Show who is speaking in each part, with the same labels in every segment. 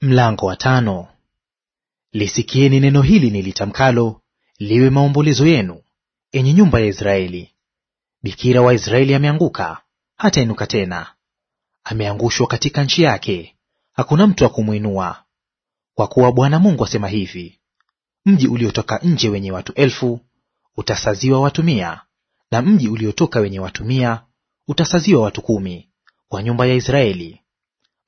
Speaker 1: Mlango wa tano. Lisikieni neno hili nilitamkalo, liwe maombolezo yenu, enye nyumba ya Israeli. Bikira wa Israeli ameanguka, inuka tena; ameangushwa katika nchi yake, hakuna mtu wa kumwinua. Kwa kuwa Bwana Mungu asema hivi, mji uliotoka nje wenye watu elfu utasaziwa watu mia, na mji uliotoka wenye watu mia utasaziwa watu kumi, kwa nyumba ya Israeli,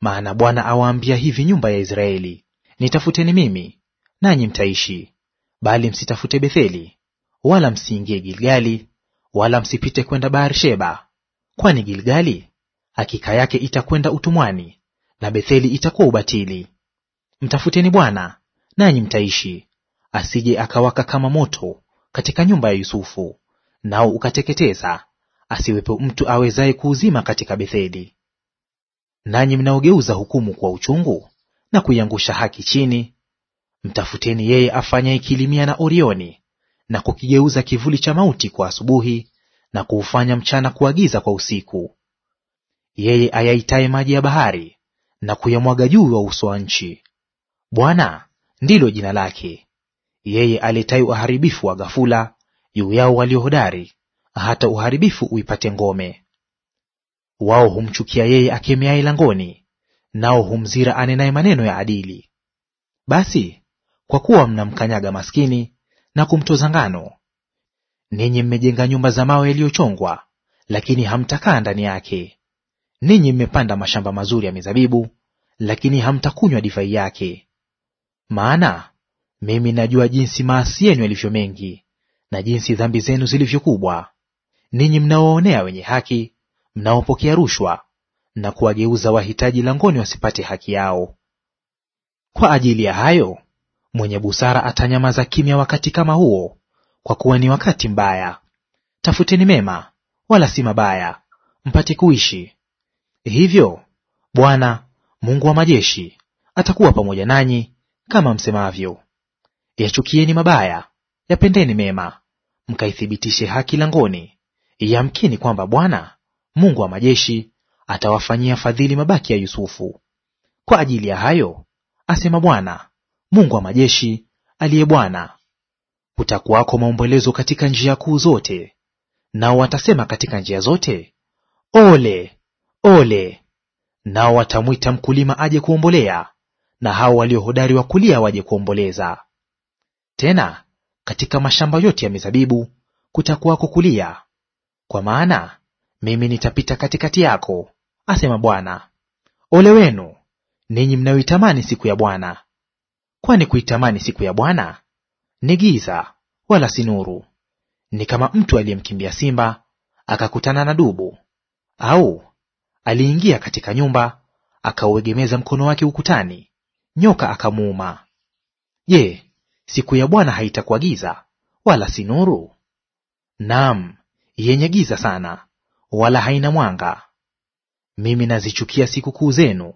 Speaker 1: maana Bwana awaambia hivi nyumba ya Israeli, nitafuteni mimi nanyi mtaishi, bali msitafute Betheli, wala msiingie Gilgali, wala msipite kwenda bar-sheba kwani Gilgali hakika yake itakwenda utumwani, na Betheli itakuwa ubatili. Mtafuteni Bwana nanyi mtaishi, asije akawaka kama moto katika nyumba ya Yusufu, nao ukateketeza, asiwepo mtu awezaye kuuzima katika Betheli. Nanyi mnaogeuza hukumu kwa uchungu na kuiangusha haki chini, mtafuteni yeye afanyaye kilimia na Orioni, na kukigeuza kivuli cha mauti kwa asubuhi, na kuufanya mchana kuagiza kwa usiku; yeye ayaitaye maji ya bahari na kuyamwaga juu wa uso wa nchi. Bwana ndilo jina lake; yeye aletaye uharibifu wa ghafula juu yao waliohodari hata uharibifu uipate ngome. Wao humchukia yeye akemeaye langoni, nao humzira anenaye maneno ya adili. Basi kwa kuwa mnamkanyaga maskini na kumtoza ngano, ninyi mmejenga nyumba za mawe yaliyochongwa, lakini hamtakaa ndani yake. Ninyi mmepanda mashamba mazuri ya mizabibu, lakini hamtakunywa divai yake. Maana mimi najua jinsi maasi yenu yalivyo mengi na jinsi dhambi zenu zilivyokubwa. Ninyi mnawoonea wenye haki mnaopokea rushwa na kuwageuza wahitaji langoni wasipate haki yao. Kwa ajili ya hayo mwenye busara atanyamaza kimya wakati kama huo, kwa kuwa ni wakati mbaya. Tafuteni mema, wala si mabaya, mpate kuishi. Hivyo Bwana Mungu wa majeshi atakuwa pamoja nanyi kama msemavyo. Yachukieni mabaya, yapendeni mema, mkaithibitishe haki langoni; yamkini kwamba Bwana Mungu wa majeshi atawafanyia fadhili mabaki ya Yusufu. Kwa ajili ya hayo, asema Bwana Mungu wa majeshi aliye Bwana, kutakuwako maombolezo katika njia kuu zote, nao watasema katika njia zote, ole, ole. Nao watamwita mkulima aje kuombolea, na hao waliohodari wa kulia waje kuomboleza. Tena katika mashamba yote ya mizabibu kutakuwako kulia, kwa maana mimi nitapita katikati yako, asema Bwana. Ole wenu ninyi mnayoitamani siku ya Bwana, kwani kuitamani siku ya Bwana ni giza, wala si nuru. Ni kama mtu aliyemkimbia simba akakutana na dubu, au aliingia katika nyumba akauegemeza mkono wake ukutani, nyoka akamuuma. Je, siku ya Bwana haitakuwa giza wala si nuru? Naam, yenye giza sana, wala haina mwanga. Mimi nazichukia sikukuu zenu,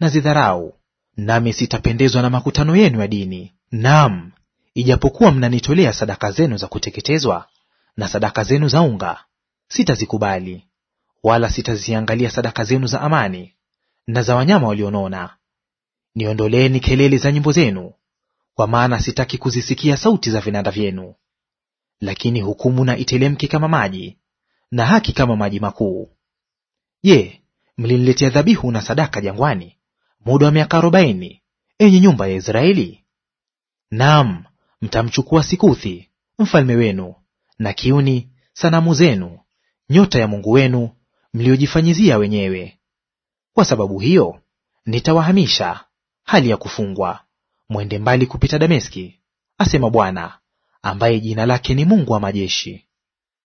Speaker 1: na zidharau nami sitapendezwa na makutano yenu ya dini. Naam, ijapokuwa mnanitolea sadaka zenu za kuteketezwa na sadaka zenu za unga, sitazikubali, wala sitaziangalia sadaka zenu za amani na za wanyama walionona. Niondoleeni kelele za nyimbo zenu, kwa maana sitaki kuzisikia sauti za vinanda vyenu. Lakini hukumu na itelemke kama maji, na haki kama maji makuu. Je, mliniletea dhabihu na sadaka jangwani muda wa miaka arobaini, enyi nyumba ya Israeli? Naam, mtamchukua Sikuthi mfalme wenu na Kiuni sanamu zenu, nyota ya mungu wenu mliojifanyizia wenyewe. Kwa sababu hiyo nitawahamisha hali ya kufungwa, mwende mbali kupita Dameski, asema Bwana ambaye jina lake ni Mungu wa majeshi.